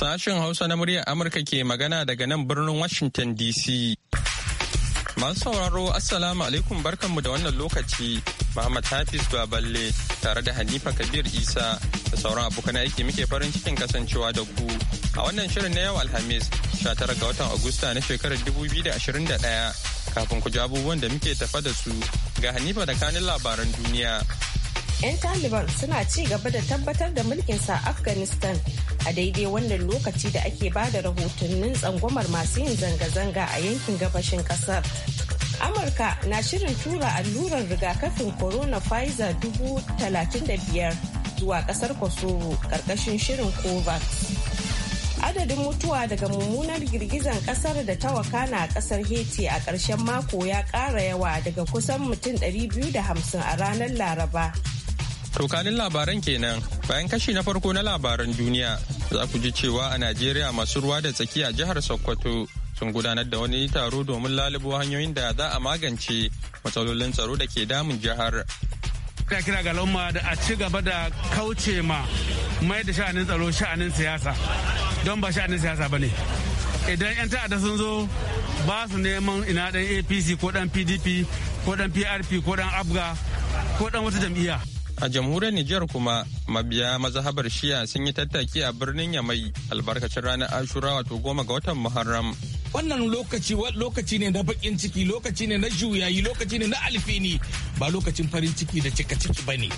Sashen Hausa na muryar Amurka ke magana daga nan birnin Washington DC. Masu sauraro Assalamu alaikum barkanmu da wannan lokaci Muhammad Hafiz Baballe tare da Hanifa Kabir Isa da sauran abokan aiki muke farin cikin kasancewa da ku a wannan shirin na yau Alhamis sha tara ga watan Agusta na shekarar dubu biyu da da ɗaya, kafin ku ji abubuwan da muke tafa da su ga Hanifa da kanin labaran duniya. 'yan taliban suna ci gaba da tabbatar da mulkinsa a afghanistan a daidai wannan lokaci da ake ba da rahotannin tsangwamar masu yin zanga-zanga a yankin gabashin kasar amurka na shirin tura allurar rigakafin corona pfizer biyar zuwa kasar kosovo karkashin shirin covax adadin mutuwa daga mummunar girgizan kasar da ta wakana a kasar haiti a ƙarshen mako ya ƙara yawa daga kusan mutum 250 a ranar laraba Tokanin labaran kenan bayan kashi na farko na labaran duniya za ku ji cewa a Najeriya masu ruwa da tsakiya jihar Sokoto sun gudanar da wani taro domin lalubo hanyoyin da za a magance matsalolin tsaro da ke damun jihar. Kira kira ga al'umma da a ci gaba da kauce ma mai da sha'anin tsaro sha'anin siyasa don ba sha'anin siyasa ba ne. Idan 'yan ta'adda sun zo ba su neman ina dan apc ko dan pdp ko dan prp ko dan abga ko dan wata jam'iyya a jamhuriyar Nijar kuma mabiya mazhabar shiya sun yi tattaki a birnin yamai albarkacin ranar ashura wato goma ga watan muharram wannan lokaci lokaci ne na bakin ciki lokaci ne na juyayi lokaci ne na alfini ba lokacin farin ciki da cika ciki ba ne.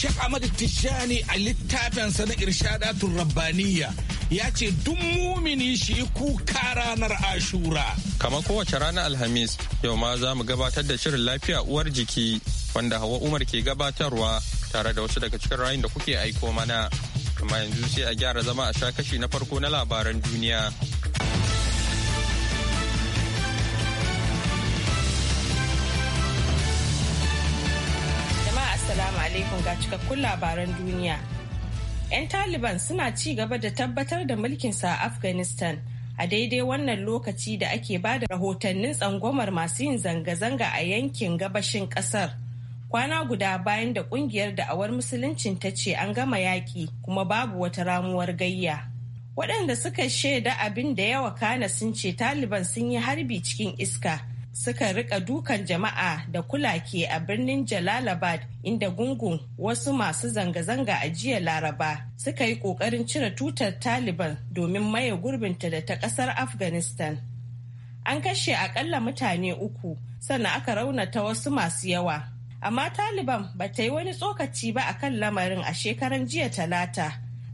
Sheikh amadu Tishani a littafinsa na Irshadatul Rabbaniya ya ce duk mumini shi kuka ranar Ashura. Kamar kowace ranar Alhamis, yau ma za mu gabatar da shirin lafiya uwar jiki wanda Hawa Umar ke gabatarwa tare da wasu daga cikin rayun da kuke aiko mana. Kuma yanzu sai a gyara zama a sha kashi na farko na labaran duniya. Jama'a Assalamu alaikum ga cikakkun labaran duniya. 'Yan Taliban suna ci gaba da tabbatar da mulkinsa a Afghanistan. a daidai wannan lokaci da ake ba da rahotannin tsangwamar masu yin zanga-zanga a yankin gabashin kasar. kwana guda bayan da kungiyar da'awar musuluncin ta ce an gama yaƙi kuma babu wata ramuwar gayya waɗanda suka shaida abin da yawa kana sun ce taliban sun yi harbi cikin iska suka rika dukan jama'a da kulake a birnin jalalabad inda gungun wasu masu zanga-zanga a jiya laraba suka yi ƙoƙarin cire tutar taliban domin maye gurbinta da ta ƙasar afghanistan an kashe aƙalla mutane uku sannan aka raunata wasu masu yawa amma taliban ba ta yi wani tsokaci ba a kan lamarin a shekaran jiya talata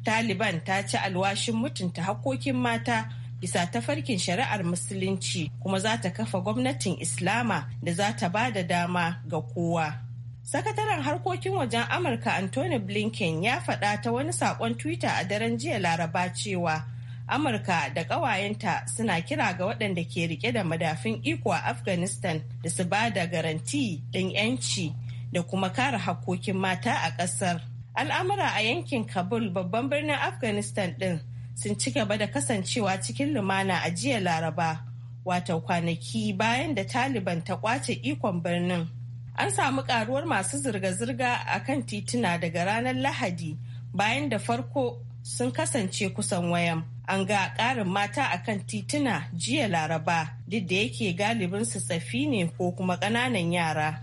taliban ta ci alwashin mutunta hakkokin mata bisa tafarkin shari'ar musulunci kuma za ta kafa gwamnatin islama da za ta ba da dama ga kowa sakataren harkokin wajen amurka anthony blinken ya faɗa ta wani saƙon twitter a daren jiya laraba cewa amurka da ƙawayenta suna kira ga waɗanda ke rike da madafin iko a afghanistan da su ba da garanti ɗin 'yanci da kuma kare hakkokin mata a ƙasar al'amura a yankin kabul babban birnin afghanistan ɗin sun ci gaba da kasancewa cikin lumana a jiya laraba wato kwanaki bayan da taliban ta kwace ikon birnin an samu karuwar masu zirga-zirga a kan tituna daga ranar lahadi bayan da farko sun kasance kusan wayan an ga ƙarin mata a kan tituna jiya laraba duk da yake galibin su tsafi ne ko kuma ƙananan yara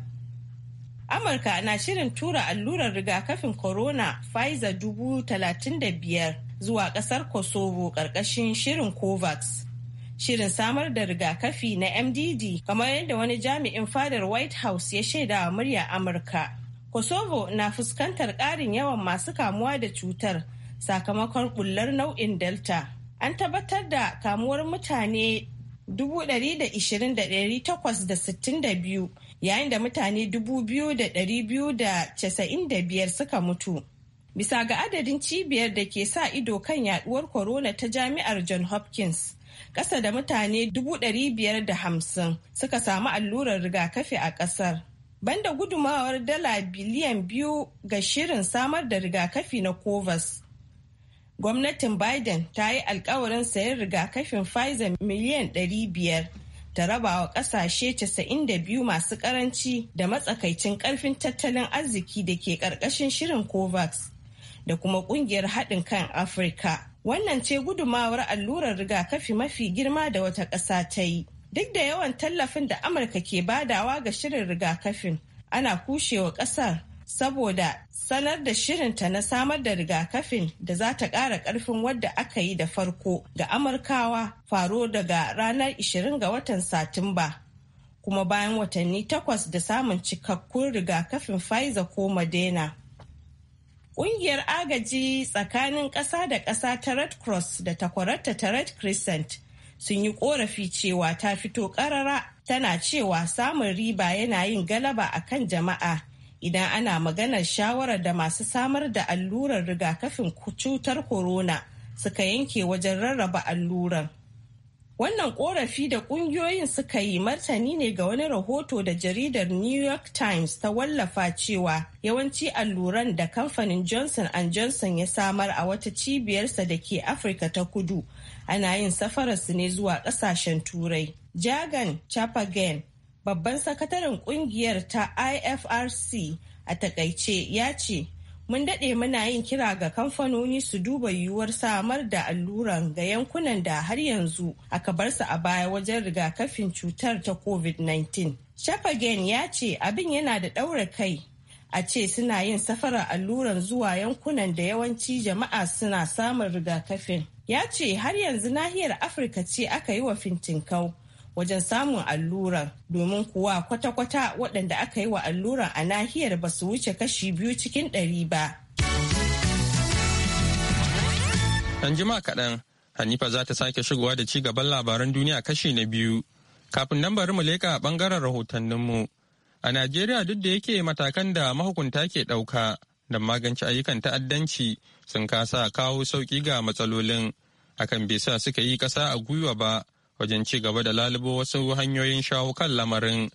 amurka na shirin tura allurar rigakafin corona pfizer dubu talatin da biyar zuwa ƙasar kosovo ƙarƙashin shirin covax shirin samar da rigakafi na mdd kamar yadda wani jami'in fadar white house ya shaida wa murya amurka kosovo na fuskantar ƙarin yawan masu kamuwa da cutar sakamakon bullar nau'in delta an tabbatar da kamuwar mutane 120,862 yayin da mutane 2,295 suka mutu bisa ga adadin cibiyar da ke sa ido kan yaduwar corona ta jami'ar john hopkins ƙasa da mutane 550 suka samu allurar rigakafi a ƙasar banda gudumawar dala biliyan biyu ga shirin samar da rigakafi na covas gwamnatin Biden ta yi alkawarin sayan rigakafin Pfizer miliyan 500 ta raba wa kasashe 92 masu karanci da matsakaicin karfin tattalin arziki da ke karkashin shirin COVAX da kuma kungiyar haɗin kan Afirka. Wannan ce gudumawar allurar rigakafi mafi girma da wata ƙasa ta yi. Duk da yawan tallafin da Amurka ke badawa ga shirin rigakafin, ana kushewa ƙasar saboda sanar da shirinta na samar da rigakafin da za ta ƙara ƙarfin wadda aka yi da farko ga amurkawa faro daga ranar 20 ga watan satumba kuma bayan watanni takwas da samun cikakkun rigakafin pfizer ko Madena. Ƙungiyar agaji tsakanin ƙasa da ƙasa ta Red Cross da takwararta ta Red Crescent sun yi ƙorafi cewa ta fito ƙarara tana cewa samun riba yana yin galaba a kan jama'a idan ana maganar shawarar da masu samar da allurar rigakafin cutar corona suka yanke wajen rarraba allurar. Wannan korafi da kungiyoyin suka yi martani ne ga wani rahoto da jaridar New York Times ta wallafa cewa yawanci alluran da kamfanin Johnson Johnson ya samar a wata cibiyarsa da ke Afirka ta kudu ana yin safararsu ne zuwa kasashen turai. Jagan Chapagan babban sakataren kungiyar ta ifrc a takaice ya ce mun daɗe muna yin kira ga kamfanoni su duba yiwuwar samar da alluran ga yankunan da har yanzu aka bar su a baya wajen rigakafin cutar ta covid-19 shafagen ya ce abin yana da ɗaure kai a ce suna yin safarar alluran zuwa yankunan da yawanci jama'a suna samun rigakafin ya ce har yanzu nahiyar afirka ce aka yi wa fintinkau wajen samun alluran domin kuwa kwata-kwata waɗanda aka yi wa alluran a nahiyar ba su wuce kashi biyu cikin ɗari ba. Ɗan jima kaɗan, Hanifa za ta sake shigowa da ci gaban labaran duniya kashi na biyu. Kafin nan bari mu leƙa a ɓangaren rahotanninmu. A Najeriya duk da yake matakan da mahukunta ke ɗauka da magance ayyukan ta'addanci sun kasa kawo sauƙi ga matsalolin. Akan bai sa suka yi ƙasa a gwiwa ba wajen ci gaba da lalubo wasu hanyoyin shawo kan lamarin.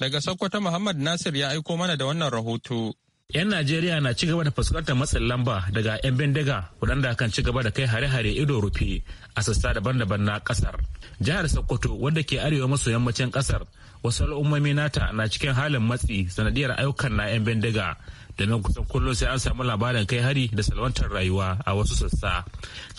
Daga Sokoto Muhammad Nasir ya aiko mana da wannan rahoto. 'Yan Najeriya na ci gaba da fuskantar matsin lamba daga 'yan bindiga waɗanda kan ci gaba da kai hare-hare ido rufe a sassa daban-daban na kasar jihar sokoto wanda ke arewa maso yammacin kasar wasu al'ummomi nata na cikin halin matsi sanadiyar ayyukan na 'yan bindiga domin kusan kullum sai an samu labarin kai hari da salwantar rayuwa a wasu sassa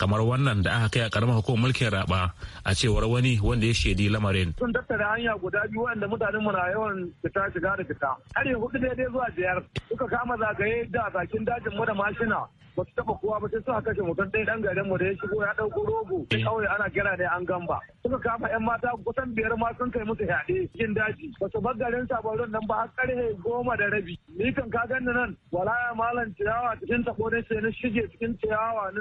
kamar wannan da aka kai a karamar hukumar mulkin raba a cewar wani wanda ya shaidi lamarin. sun tattara hanya guda biyu wanda mutanen mu na yawan fita shiga da fita har yanzu hudu daidai zuwa biyar suka kama zagaye da bakin dajin mu da mashina ba su taɓa kowa ba sai suka kashe mutum ɗaya ɗan garin mu da ya shigo ya ɗauko rogo su da ana kira da an gamba suka kama yan mata kusan biyar ma sun kai musu yaɗe cikin daji ba su bar garin sabarin nan ba har ƙarfe goma da rabi ni kan ka gani nan walaya malam ciyawa cikin tabo ne sai na shige cikin ciyawa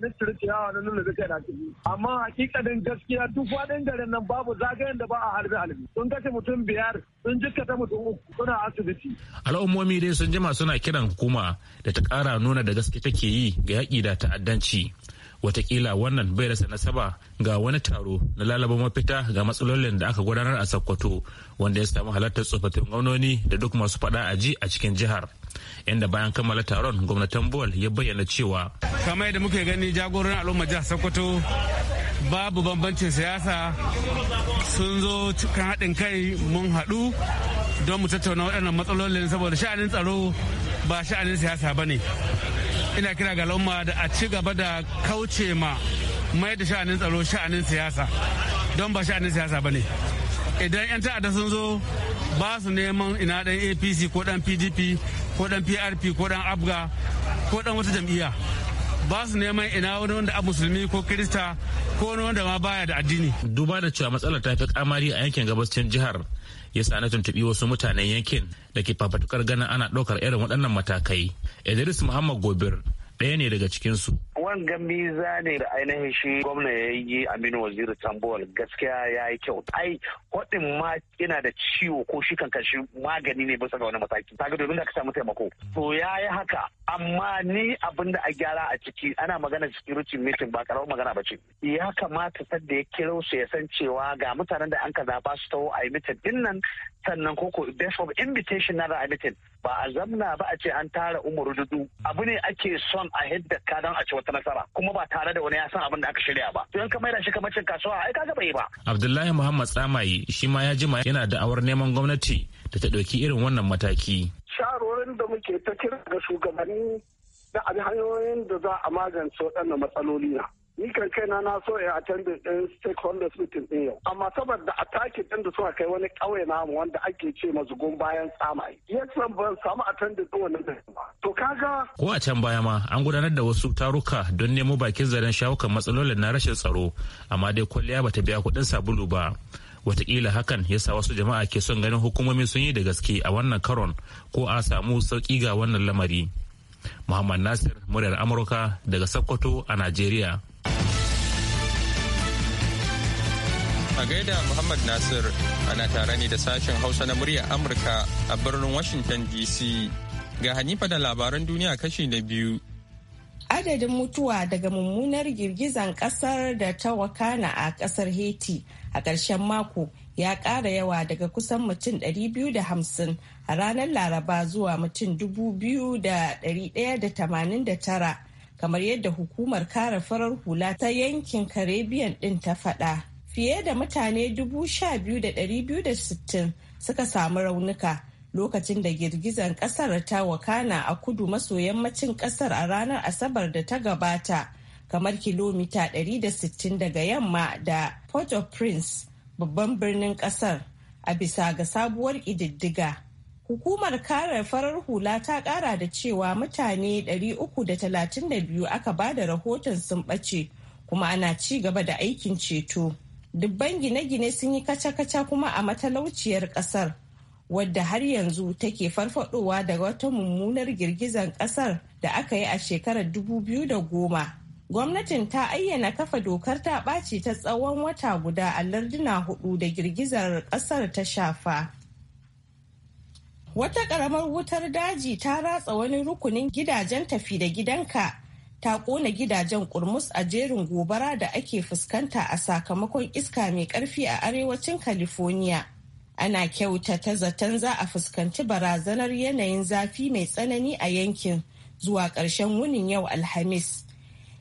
na cire ciyawa na nuna da kai na ciki amma hakikanin gaskiya duk faɗin garin nan babu zagayen da ba a harbi halbi sun kashe mutum biyar sun jikkata mutum uku suna asibiti al'ummomi dai sun jima suna kiran hukuma da ta kara nuna da gaske take yi ga yaƙi da ta'addanci watakila wannan bai rasa nasaba ga wani taro na lalaba mafita ga matsalolin da aka gudanar a sokoto wanda ya samu halartar tsofaffin gwamnoni da duk masu fada a ji a cikin jihar inda bayan kammala taron gwamnatin bol ya bayyana cewa kamar yadda muke gani jagoran al'umma jihar sokoto babu bambancin siyasa sun zo cikin haɗin kai mun haɗu don mu tattauna waɗannan matsalolin saboda sha'anin tsaro ba sha'anin siyasa ba ne ina kira ga al'umma da a ci gaba da kauce ma mai da sha'anin tsaro sha'anin siyasa don ba sha'anin siyasa ba ne idan 'yan ta'adda sun zo ba su neman ina dan apc ko dan pdp ko dan prp ko dan abga ko dan wata jam'iyya ba su neman ina wani wanda a musulmi ko kirista ko wani wanda ma baya da addini duba da cewa matsalar ta fi kamari a yankin gabashin jihar ya sa na tuntuɓi wasu mutanen yankin da ke fafatukar ganin ana ɗaukar irin waɗannan matakai idris muhammad gobir ɗaya ne daga cikinsu wangan biza ne da ainihin shi gwamna ya yi aminu waziri tambol gaskiya ya yi kyau ai hodin ma yana da ciwo ko shi kankan shi magani ne bisa ga wani mataki ta domin da ka samu taimako to ya yi haka amma ni abinda da a gyara a ciki ana magana security meeting ba karawar magana ba ce ya kamata sadda ya kiro su ya san cewa ga mutanen da an ka zaba su taho a yi mita dinnan sannan koko best of invitation na ra'abitin ba a zamna ba a ce an tara umaru dudu abu ne ake son a hidda ka don a ci wata nasara kuma ba tare da wani ya san abin da aka shirya ba to in ka maida shi kamar cin kasuwa ai gaba yi ba abdullahi muhammad Tsamayi shi ma ya jima yana da'awar neman gwamnati da ta ɗauki irin wannan mataki Sharorin da muke ta kira ga shugabanni da abi hanyoyin da za a magance waɗannan matsaloli na ni kan kaina na so ya attend the stakeholders meeting din yau amma saboda attacking din da suka kai wani kauye namu wanda ake ce mazugun bayan tsamai yes ban samu attend din wannan ba to kaga ko a can baya ma an gudanar da wasu taruka don nemo bakin zaren shawukan matsalolin na rashin tsaro amma dai kwalliya bata biya kuɗin sabulu ba wataƙila hakan ya sa wasu jama'a ke son ganin hukumomi sun yi da gaske a wannan karon ko a samu sauƙi ga wannan lamari muhammad nasir muryar amurka daga sokoto a najeriya A gaida Muhammad Nasir ana tare ne da sashen Hausa na murya Amurka a birnin Washington DC. Ga Hanifa da labaran duniya kashi na biyu. Adadin mutuwa daga mummunar girgizan kasar da ta wakana a kasar Haiti a ƙarshen mako ya ƙara yawa daga kusan mutum 250 a ranar Laraba zuwa mutum 2,189 kamar yadda hukumar kare farar hula ta yankin Caribbean din ta faɗa. fiye da mutane 12,260 suka samu raunuka lokacin da girgizar kasar ta wakana a kudu maso yammacin kasar a ranar asabar da ta gabata kamar kilomita 160 daga yamma da port-au-prince babban birnin kasar a bisa ga sabuwar ƙididdiga hukumar kare farar hula ta kara da cewa mutane 332 aka ba da rahoton sun ɓace kuma ana ci gaba da aikin ceto. dubban gine-gine sun yi kaca-kaca kuma a matalauciyar kasar wadda har yanzu take farfadowa daga wata mummunar girgizar kasar da aka yi a shekarar 2010 gwamnatin ta ayyana kafa dokar ta ɓaci ta tsawon wata guda a larduna hudu da girgizar kasar ta shafa wata ƙaramar wutar daji ta ratsa wani rukunin gidajen tafi da gidanka ta kona gidajen kurmus a jerin gobara da ake fuskanta a sakamakon iska mai karfi a arewacin california ana kyautata zaton za a fuskanci barazanar yanayin zafi mai tsanani a yankin zuwa ƙarshen wunin yau alhamis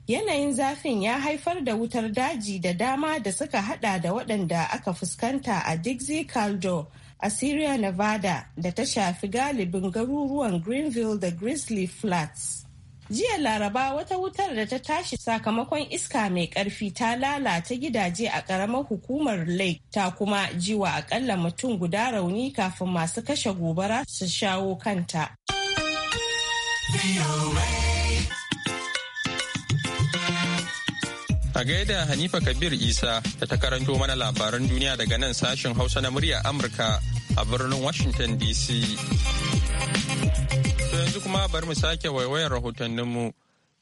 yanayin zafin ya haifar da wutar daji da dama da suka hada da waɗanda aka fuskanta a dixie caldo a syria nevada da ta shafi galibin garuruwan greenville da grizzly flats Jiya Laraba wata wutar da ta tashi sakamakon iska mai karfi ta lalata gidaje a ƙaramar hukumar Lake ta kuma jiwa akalla mutum guda rauni kafin masu kashe gobara su shawo kanta. A gaida Hanifa Kabir Isa da ta karanto mana labaran duniya daga nan sashen Hausa na murya Amurka a birnin Washington DC. yanzu kuma bar mu sake waiwayar rahotanninmu.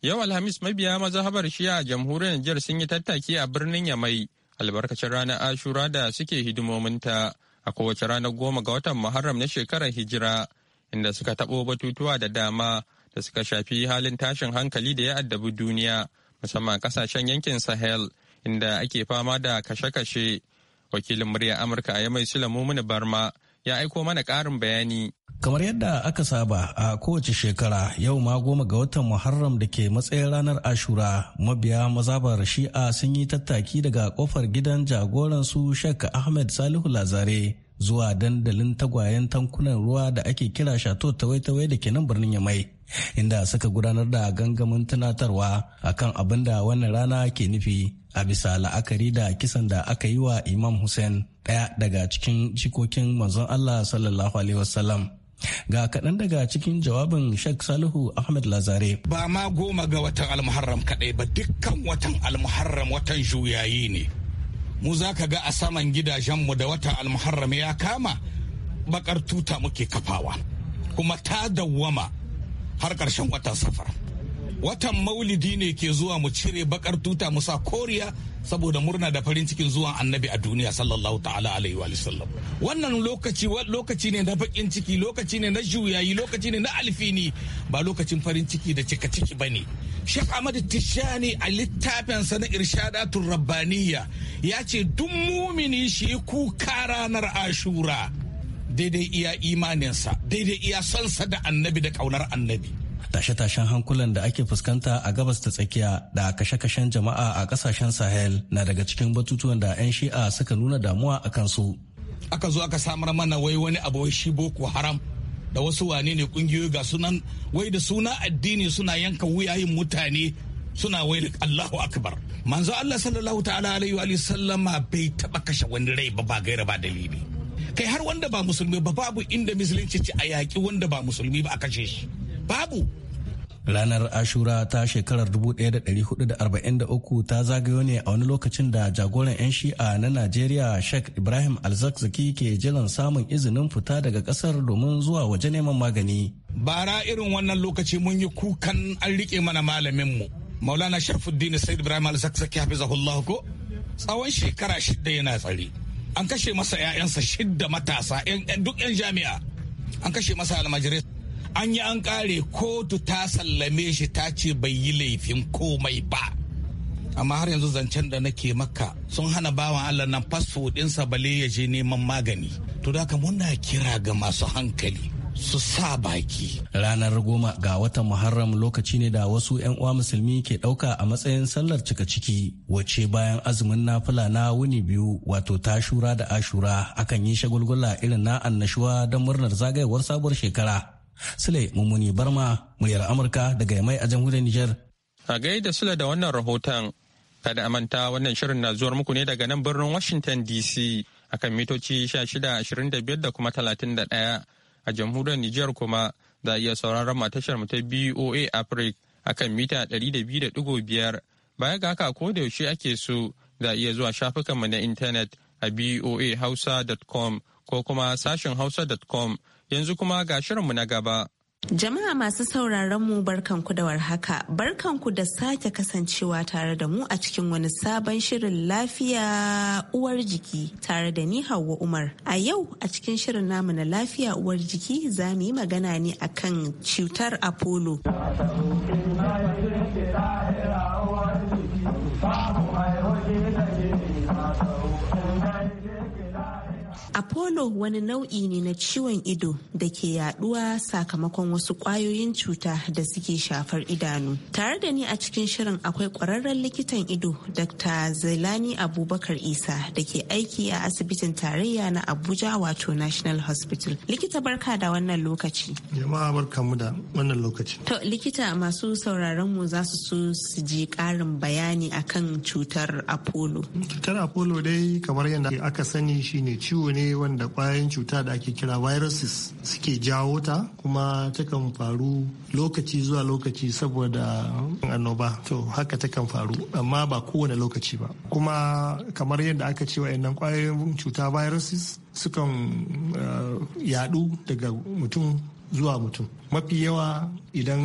Yau Alhamis mabiya mazhabar shiya a jamhuriyar Nijar sun yi tattaki a birnin Yamai albarkacin ranar Ashura da suke hidimominta a kowace ranar goma ga watan Muharram na shekarar Hijira inda suka taɓo batutuwa da dama da suka shafi halin tashin hankali da ya addabi duniya musamman kasashen yankin Sahel inda ake fama da kashe-kashe. Wakilin murya Amurka a Yamai Sulamu Barma ya aiko mana ƙarin bayani. Kamar yadda aka saba a kowace shekara yau ma goma ga watan Muharram da ke matsayin ranar Ashura mabiya mazabar shi'a sun yi tattaki daga kofar gidan jagoran su Sheikh Ahmed Salihu Lazare zuwa dandalin tagwayen tankunan ruwa da ake kira Shato Tawai-Tawai da ke nan birnin Yamai. Inda suka gudanar da gangamin tunatarwa akan abin da wannan rana ke nufi a bisa la'akari da kisan da aka yi wa Imam Hussein ɗaya daga cikin jikokin manzon Allah sallallahu alaihi wasallam. Ga kaɗan daga cikin jawabin Sheikh Salihu Ahmed Lazare. Ba ma goma ga watan Almuharram kaɗai ba dukkan watan Almuharram watan juyayi ne. Mu za ka ga a saman gidajenmu da watan Almuharram ya kama bakar tuta muke kafawa. Kuma ta dawwama har ƙarshen watan safar. watan maulidi ne ke zuwa mu cire bakar tuta musa koriya saboda murna da farin cikin zuwan annabi a duniya sallallahu ta'ala alaihi wa sallam wannan lokaci lokaci ne na bakin ciki lokaci ne na juyayi lokaci ne na alfini ba lokacin farin ciki da cika ciki ne. Sheikh Ahmad Tishani a littafinsa na Irshadatul Rabbaniya ya ce duk mumini shi kuka ranar Ashura daidai iya imaninsa daidai iya sonsa da annabi da kaunar annabi tashe-tashen hankulan da ake fuskanta a gabas ta tsakiya da kashe-kashen jama'a a kasashen sahel na daga cikin batutuwan da 'yan shi'a suka nuna damuwa a kansu aka zo aka samar mana wai wani abu shi boko haram da wasu wane ne kungiyoyi ga sunan wai da suna addini suna yanka wuyayin mutane suna wai da Allahu akbar manzo Allah sallallahu ta'ala alaihi wa sallama bai taba kashe wani rai ba ba gaira ba dalili kai har wanda ba musulmi ba babu inda musulunci ce a yaƙi wanda ba musulmi ba a kashe shi babu Ranar Ashura ta shekarar 1443 ta zagayo ne a wani lokacin da jagoran 'yan shi'a na Najeriya Sheikh Ibrahim Alzakzaki ke jiran samun izinin fita daga kasar domin zuwa waje neman magani. Bara irin wannan lokaci mun yi kukan an riƙe mana malaminmu. Maulana Sharfuddin Said Ibrahim Alzakzaki hafizahullah ko tsawon shekara shidda yana tsari. An kashe masa 'ya'yansa shidda matasa duk 'yan jami'a. An kashe masa almajirai an yi an kare kotu ta sallame shi ta ce bai yi laifin komai ba amma har yanzu zancen da nake maka sun hana bawan allah nan fasfo ɗinsa bale ya je neman magani to da muna kira ga masu hankali su sa baki. Ranar goma ga watan Muharram lokaci ne da wasu 'yan uwa musulmi ke ɗauka a matsayin sallar cika ciki wace bayan azumin nafila na wuni biyu wato tashura da ashura akan yi shagulgula irin na annashuwa don murnar zagayewar sabuwar shekara. Sule Mummuni Barma, muryar Amurka daga Yamai a jamhuriyar Nijar. A gaida Sule da wannan rahoton, kada a manta wannan shirin na zuwar muku ne daga nan birnin Washington DC akan mitoci 1625 da kuma 31 a jamhuriyar Nijar kuma za a iya sauraron matashar mu ta BOA Africa akan mita 200.5 baya ga haka ko da yaushe ake so za a iya zuwa shafukanmu na intanet a boahausa.com ko kuma sashen hausa.com Yanzu kuma ga shirinmu na gaba. Jama'a masu sauraron mu barkanku da warhaka, barkanku da sake kasancewa tare da mu a cikin wani sabon shirin lafiya uwar jiki tare da ni Hauwa Umar. A yau a cikin shirin namu na lafiya uwar jiki za mu yi magana ne akan cutar Apollo. Apollo wani nau'i ne na ciwon ido da ke yaduwa sakamakon wasu kwayoyin cuta da suke shafar idanu. Tare da ni a cikin shirin akwai kwararren likitan ido Dr. Zailani Abubakar Isa da ke aiki a asibitin tarayya na Abuja wato National Hospital. Likita barka da wannan lokaci. Jama'a barka mu da wannan lokaci. To likita masu sauraron mu za su so su ji karin bayani akan cutar Apollo. Cutar Apollo dai kamar yadda aka sani shine ciwo ne wanda kwayoyin cuta da ake kira viruses suke jawo ta kuma takan faru lokaci zuwa lokaci saboda annoba to haka takan faru amma ba kowane lokaci ba kuma kamar yadda aka ce wa'annan kwayoyin cuta viruses sukan eh, yadu daga mutum zuwa mutum mafi yawa idan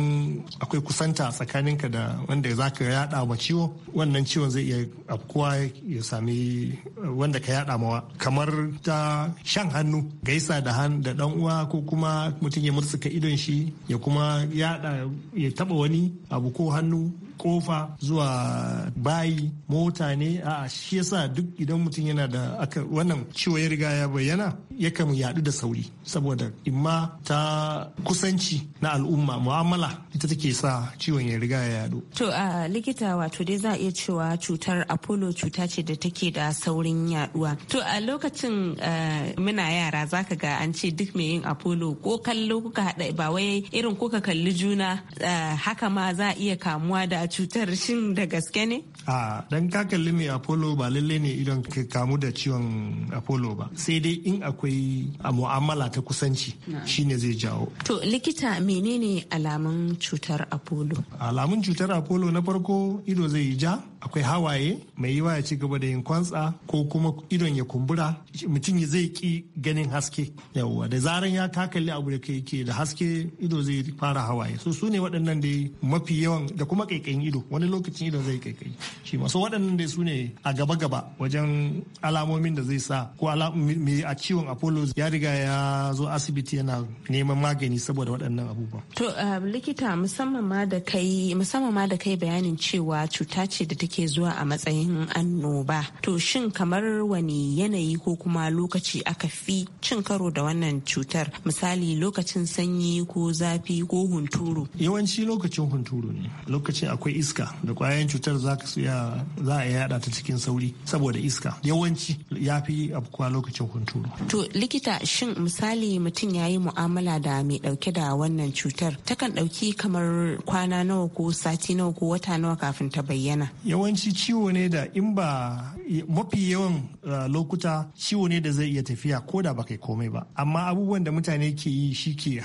akwai kusanta tsakaninka da wanda za ka yada ma ciwo wannan ciwon zai iya afkuwa ya sami eh, wanda ka yada mawa kamar ta shan hannu gaisa da han da dan uwa ko kuma mutum ya murtsuka idon shi ya kuma yada ya taba wani abu ko hannu kofa zuwa bayi mota ne a shi yasa duk idan mutum yana da aka wannan ciwo ya riga ya bayyana yakan yadu da sauri saboda imma ta kusanci na al'umma mu'amala ita take sa ciwon ya riga ya yadu to a likita wato dai za a iya cewa cutar apollo cuta ce da take da saurin yaduwa to a lokacin eh, muna yara zaka ga an ce duk mai yin apollo ko kallo kuka hada ba wai irin kuka kalli juna eh, haka ma za a iya kamuwa da A cutar shin da gaske ne? A dan ka kalli mai Apollo ba lalle ne idan ka kamu da ciwon Apollo ba. Sai dai in akwai a mu'amala ta kusanci shine zai jawo. To likita menene alamun cutar Apollo? Alamun cutar Apollo na farko ido zai yi ja. akwai hawaye mai yiwa ya ci gaba da yin kwantsa ko kuma idon ya kumbura mutum zai ki ganin haske yawwa da zaran ya takalli abu da kai ke da haske ido zai fara hawaye so su ne waɗannan da mafi yawan da kuma kaikayin ido wani lokacin ido zai kaikayi shi ma so waɗannan da su ne a gaba gaba wajen alamomin da zai sa ko mai a ciwon apollo ya riga ya zo asibiti yana neman magani saboda waɗannan abubuwa to um, likita musamman ma da kai musamman ma da kai bayanin cewa cuta ce da take ke zuwa a matsayin annoba to shin kamar wani yanayi ko kuma lokaci aka fi cin karo da wannan cutar misali lokacin sanyi ko zafi ko hunturu yawanci lokacin hunturu ne lokacin akwai iska da kwayoyin cutar za a yada ta cikin sauri saboda iska yawanci ya fi afkuwa lokacin hunturu to likita shin misali mutum ya yi mu'amala da mai dauke da wannan cutar takan dauki kamar kwana nawa ko sati nawa ko wata nawa kafin ta bayyana yawanci ciwo ne da in ba mafi yawan eh, lokuta ciwo ne da zai iya tafiya ko da ba kai komai ba amma abubuwan da mutane ke yi shi ke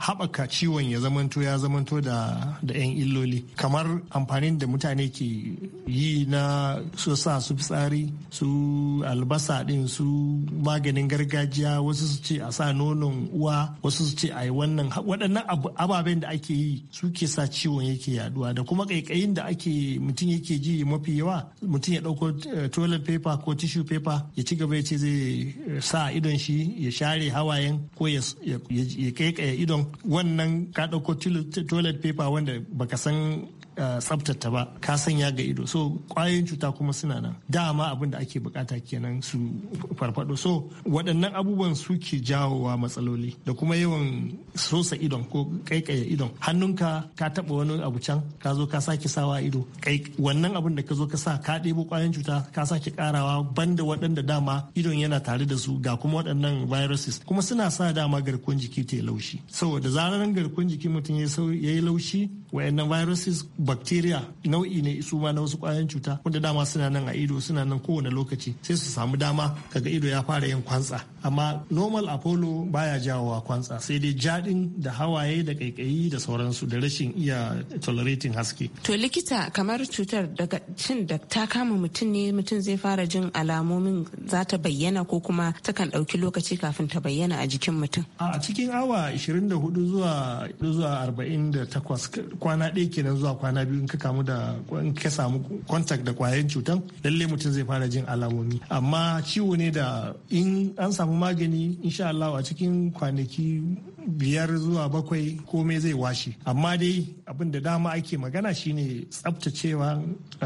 haɓaka ciwon ya zamanto ya zamanto da da 'yan illoli kamar amfanin da mutane ke yi na su sa su tsari su albasa ɗin su maganin gargajiya wasu su ce a sa nonon uwa wasu su ce a yi wannan waɗannan ababen da ake yi su ke sa ciwon yake yaduwa da kuma ƙaiƙayin da ake mutum mutum yake ji mafi yawa mutum ya ɗauko eh, toilet paper ko tissue paper ya ci gaba ya ce zai eh, sa idon shi ya share hawayen ko ya kaikaya idon wannan ka ɗauko toilet paper wanda baka san Eh, tsaftata ba ka sanya ga ido so kwayoyin cuta kuma suna nan dama abin da ake bukata kenan su farfado so waɗannan abubuwan suke jawowa matsaloli da kuma yawan sosa idon ko kaikaye idon hannunka ka taɓa wani abu can ka zo ka sake sawa ido kai wannan abin da ka zo ka sa ka ɗebo kwayoyin cuta ka sake karawa banda waɗanda dama idon yana tare da su ga kuma waɗannan viruses kuma suna sa dama garkuwar jiki ta yi laushi saboda zarar garkuwar jiki mutum ya yi laushi wayannan viruses bacteria nau'i ne su ma na wasu kwayoyin cuta wanda dama suna nan a ido suna nan kowane lokaci sai su samu dama kaga ido ya fara yin kwantsa amma normal apollo baya jawowa kwantsa sai dai jaɗin da hawaye da kaikayi da sauransu da rashin iya tolerating haske to likita kamar cutar daga cin da ta kama mutum ne mutum zai fara jin alamomin za ta bayyana ko kuma takan ɗauki lokaci kafin ta bayyana a jikin mutum a cikin awa 24 zuwa zuwa 48 kwana ɗaya kenan zuwa kwana biyu in ka kamu da in ka samu contact da kwayan cutan lalle mutum zai fara jin alamomi amma ciwo ne da in an samu magani insha Allah a cikin kwanaki biyar zuwa bakwai komai zai washe amma dai abin da dama ake magana shine tsaftacewa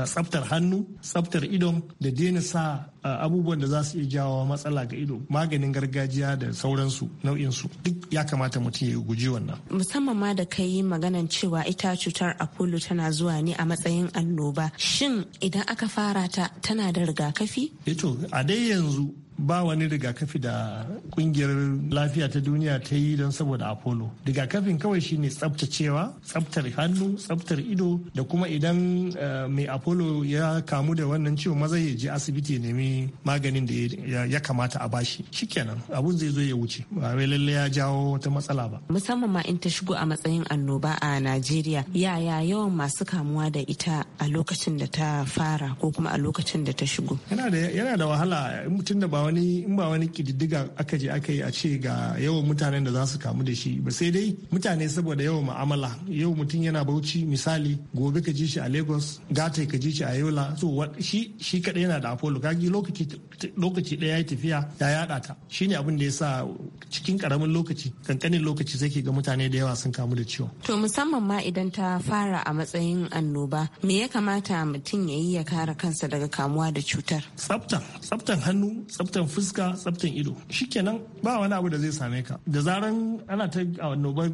tsaftar hannu tsaftar idon da daina sa abubuwan da za su iya jawo matsala ga ido maganin gargajiya da sauransu nau'insu duk ya kamata mutum ya guji wannan musamman ma da kai yi maganan cewa ita cutar apollo tana zuwa ne a matsayin annoba shin idan aka fara ta tana da rigakafi? eto eh a dai yanzu ba wani rigakafi da kungiyar lafiya ta duniya ta yi don saboda apollo rigakafin kawai shine tsabtacewa tsabtar hannu tsabtar ido da kuma idan eh, mai apollo ya kamu da wannan ciwon maza ya je asibiti ya nemi maganin da ya kamata a bashi shikenan abun zai zo ya wuce ba wai lalle ya jawo wata matsala ba musamman ma in ta shigo a matsayin annoba a najeriya yaya yawan masu kamuwa da ita a lokacin da ta fara ko kuma a lokacin da ta shigo yana da wahala mutum da ba wani in ba wani kididdiga aka je aka yi a ce ga yawan mutanen da za su kamu da shi ba sai dai mutane saboda yawan mu'amala yau mutum yana bauchi misali gobe ka ji shi a Lagos gata ka ji shi a Yola so shi shi kadai yana da Apollo kagi lokaci lokaci ɗaya ya yi tafiya ya yaɗa ta ne abin da ya sa cikin ƙaramin lokaci ƙanƙanin lokaci sai ke ga mutane da yawa sun kamu da ciwon. To musamman ma idan ta fara a matsayin annoba me ya kamata mutum ya yi ya kare kansa daga kamuwa da cutar? tsaftan tsaftan hannu, tsaftan fuska, tsaftan ido. Shikenan ba wani abu da zai same ka. Da zaran ana ta annoba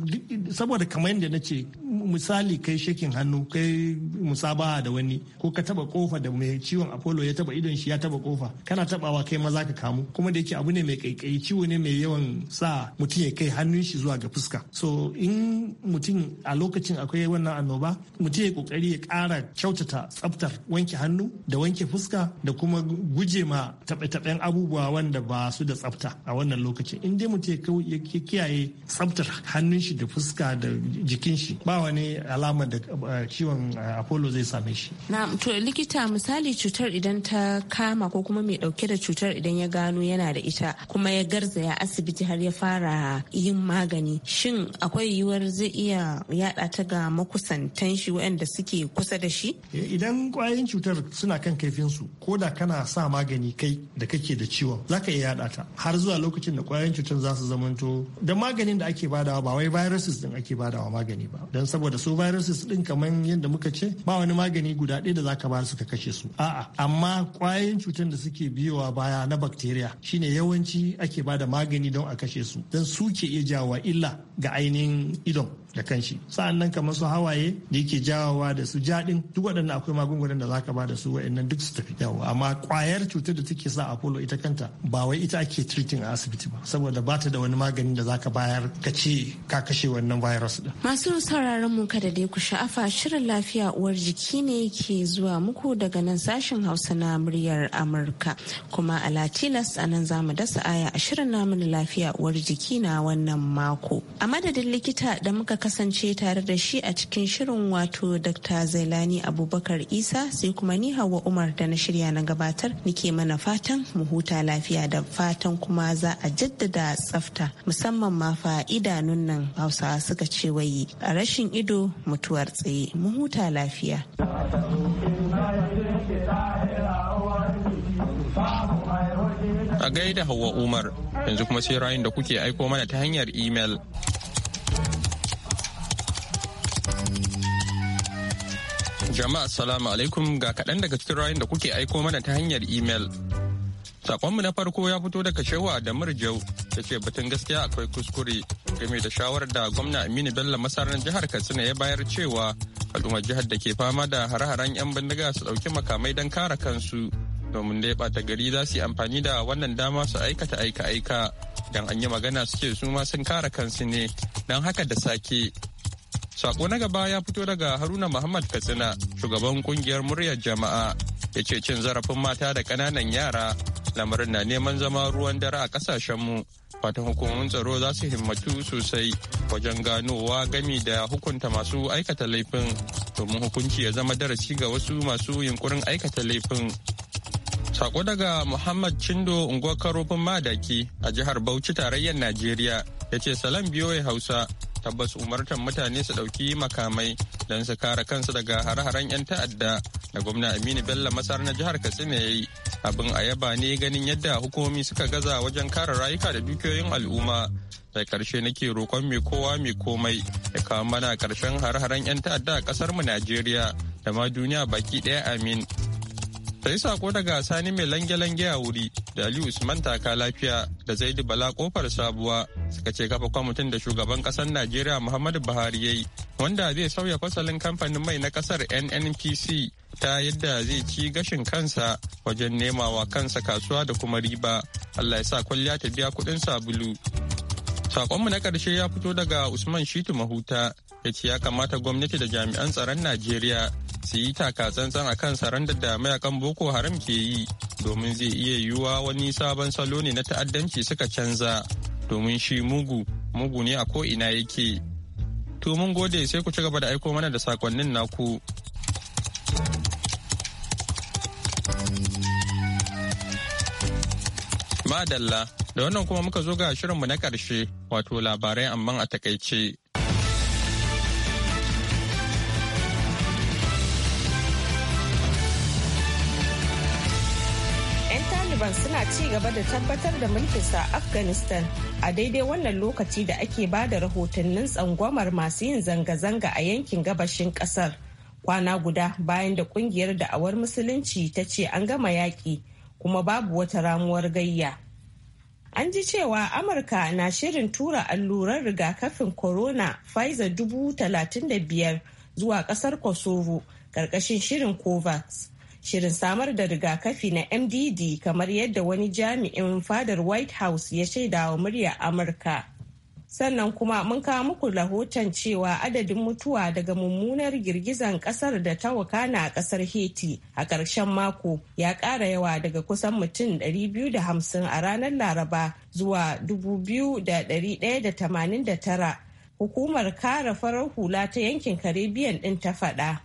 saboda kamar yadda na ce misali kai shakin hannu kai musabaha da wani ko ka taba kofa da mai ciwon apollo ya taba idon shi ya taba kofa kana tabawa kai ma ka kamu kuma da yake abu ne mai kaikayi ciwo ne mai yawan sa mutum ya kai hannun shi zuwa ga fuska so in mutum a lokacin akwai wannan annoba mutum ya kokari ya kara kyautata tsaftar wanke hannu da wanke fuska da kuma guje ma taɓe-taɓen abubuwa wanda ba su da tsafta a wannan lokacin in dai mutum ya kiyaye tsaftar hannun shi da fuska da jikin shi ba wani alama da eh, ciwon eh, apollo zai same shi na to likita misali cutar idan ta kama ko kuma mai ɗauki dauke da cutar idan ya gano yana da ita kuma ya garzaya asibiti har ya fara yin magani shin akwai yiwuwar zai iya yada ta ga makusantan shi waɗanda suke kusa da shi eh, idan kwayoyin cutar suna kan kaifin su ko da kana sa magani kai da kake da ciwon zaka iya yada ta har zuwa lokacin da kwayoyin cutar za su zamanto da maganin da ake badawa ba wai viruses din ake badawa magani ba dan saboda su viruses din kamar yadda muka ce ba wani magani guda ɗaya da zaka ba su ka kashe su a'a amma kwayoyin cutar da suke biyo biyowa baya na bakteriya shine yawanci ake ba da magani don a kashe su don suke ke iya jawa illa ga ainihin idon da kanshi sa'an nan kamar su hawaye da yake jawowa da su jaɗin duk waɗannan akwai magungunan da za ka ba da su waɗannan duk su tafi yawa amma kwayar cutar da take sa apollo ita kanta ba wai ita ake treating a asibiti ba saboda ba ta da wani maganin da zaka bayar ka ce ka kashe wannan virus din masu sauraron mu kada dai ku sha'afa shirin lafiya uwar jiki ne ke zuwa muku daga nan sashen hausa na muryar amurka kuma a latinas a nan za mu dasa aya a shirin namu na lafiya uwar jiki na wannan mako a madadin likita da muka kasance tare da shi a cikin shirin wato Dr. Zailani Abubakar Isa sai kuma ni Hawa Umar da na shirya na gabatar nike mana fatan mu huta lafiya da fatan kuma za a jaddada tsafta musamman ma fa idanun nan Hausawa suka ce wayi a rashin ido mutuwar tsaye mu huta lafiya. A gaida Hawa Umar yanzu kuma sai rayun da kuke aiko mana ta hanyar imel. Jama'a salamu alaikum ga kaɗan daga cikin rayun da kuke aiko mana ta hanyar imel. Sakonmu na farko ya fito daga shewa da murjau da ce batun gaskiya akwai kuskure game da shawarar da gwamna Aminu Bello masarar jihar Katsina ya bayar cewa al'ummar jihar da ke fama da hare-haren 'yan bindiga su ɗauki makamai don kare kansu domin da ya ɓata gari za su yi amfani da wannan dama su aikata aika-aika don an yi magana suke su ma sun kare kansu ne don haka da sake Sako na gaba ya fito daga Haruna Muhammad Katsina, shugaban kungiyar muryar jama'a, ya ce cin zarafin mata da ƙananan yara lamarin na neman zama ruwan dare a ƙasashenmu. Fatan hukumomin tsaro za su himmatu sosai wajen ganowa gami da hukunta masu aikata laifin domin hukunci ya zama darasi ga wasu masu yunkurin aikata laifin. Sako daga Muhammad Chindo unguwar karofin madaki a jihar Bauchi tarayyar Najeriya ya ce salam biyoyi Hausa tabbas umartar mutane su ɗauki makamai don su kare kansu daga har haren 'yan ta'adda da gwamna aminu bello masar na jihar katsina ya yi abin a yaba ne ganin yadda hukumomi suka gaza wajen kare rayuka da dukiyoyin al'umma da karshe nake roƙon mai kowa mai komai ya kawo mana karshen har haren 'yan ta'adda a kasar mu najeriya da ma duniya baki ɗaya amin yi sako daga sani mai lange-lange a wuri da aliyu usman taka lafiya da zaidu bala kofar sabuwa suka ce kafa kwamitin da shugaban kasar najeriya muhammadu buhari ya yi wanda zai sauya fasalin kamfanin mai na kasar nnpc ta yadda zai ci gashin kansa wajen nemawa kansa kasuwa da kuma riba allah ya sa kwalliya ta biya kudin sabulu Sakonmu na ƙarshe ya fito daga Usman Shitu Mahuta ya ce ya kamata gwamnati da jami'an tsaron Najeriya su yi takatsantsan a kan sarandar da mayakan boko haram ke yi domin zai iya yiwuwa wani sabon salo ne na ta'addanci suka canza domin shi mugu mugu ne a ko'ina yake to mun gode sai ku ci gaba da aiko mana da sakonnin naku madalla da wannan kuma muka zo ga shirinmu na karshe wato labarai amman a takaice taliban suna ci gaba da tabbatar da mulkinsa a afghanistan a daidai wannan lokaci da ake ba da rahotannin tsangwamar masu yin zanga-zanga a yankin gabashin kasar kwana guda bayan da kungiyar da'awar musulunci ta ce an gama yaƙi kuma babu wata ramuwar gayya an ji cewa amurka na shirin tura allurar rigakafin corona pfizer dubu talatin da biyar zuwa ƙasar kosovo ƙarƙashin shirin covax shirin samar da rigakafi na mdd kamar yadda wani jami'in fadar white house ya shaida wa murya amurka sannan kuma mun kawo muku rahoton cewa adadin mutuwa daga mummunar girgizan kasar da ta wakana a kasar haiti a ƙarshen mako ya ƙara yawa daga kusan mutum 250 a ranar laraba zuwa 2189 hukumar kare farar hula ta yankin caribbean ɗin ta faɗa.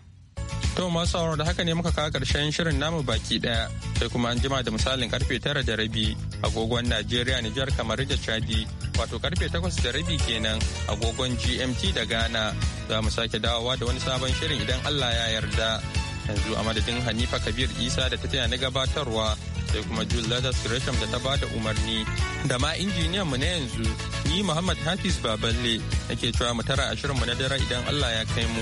To masu sauraro da haka ne muka kawo karshen shirin namu baki daya sai kuma an jima da misalin karfe tara da rabi agogon Najeriya Nijar kamar da Chadi wato karfe takwas da rabi kenan agogon GMT da Ghana za mu sake dawowa da wani sabon shirin idan Allah ya yarda yanzu a madadin Hanifa Kabir Isa da ta taya na gabatarwa sai kuma Julius Gresham da ta bada umarni da ma injiniyan mu na yanzu ni Muhammad Hafiz Baballe nake cewa mu tara a shirin mu na dare idan Allah ya kai mu.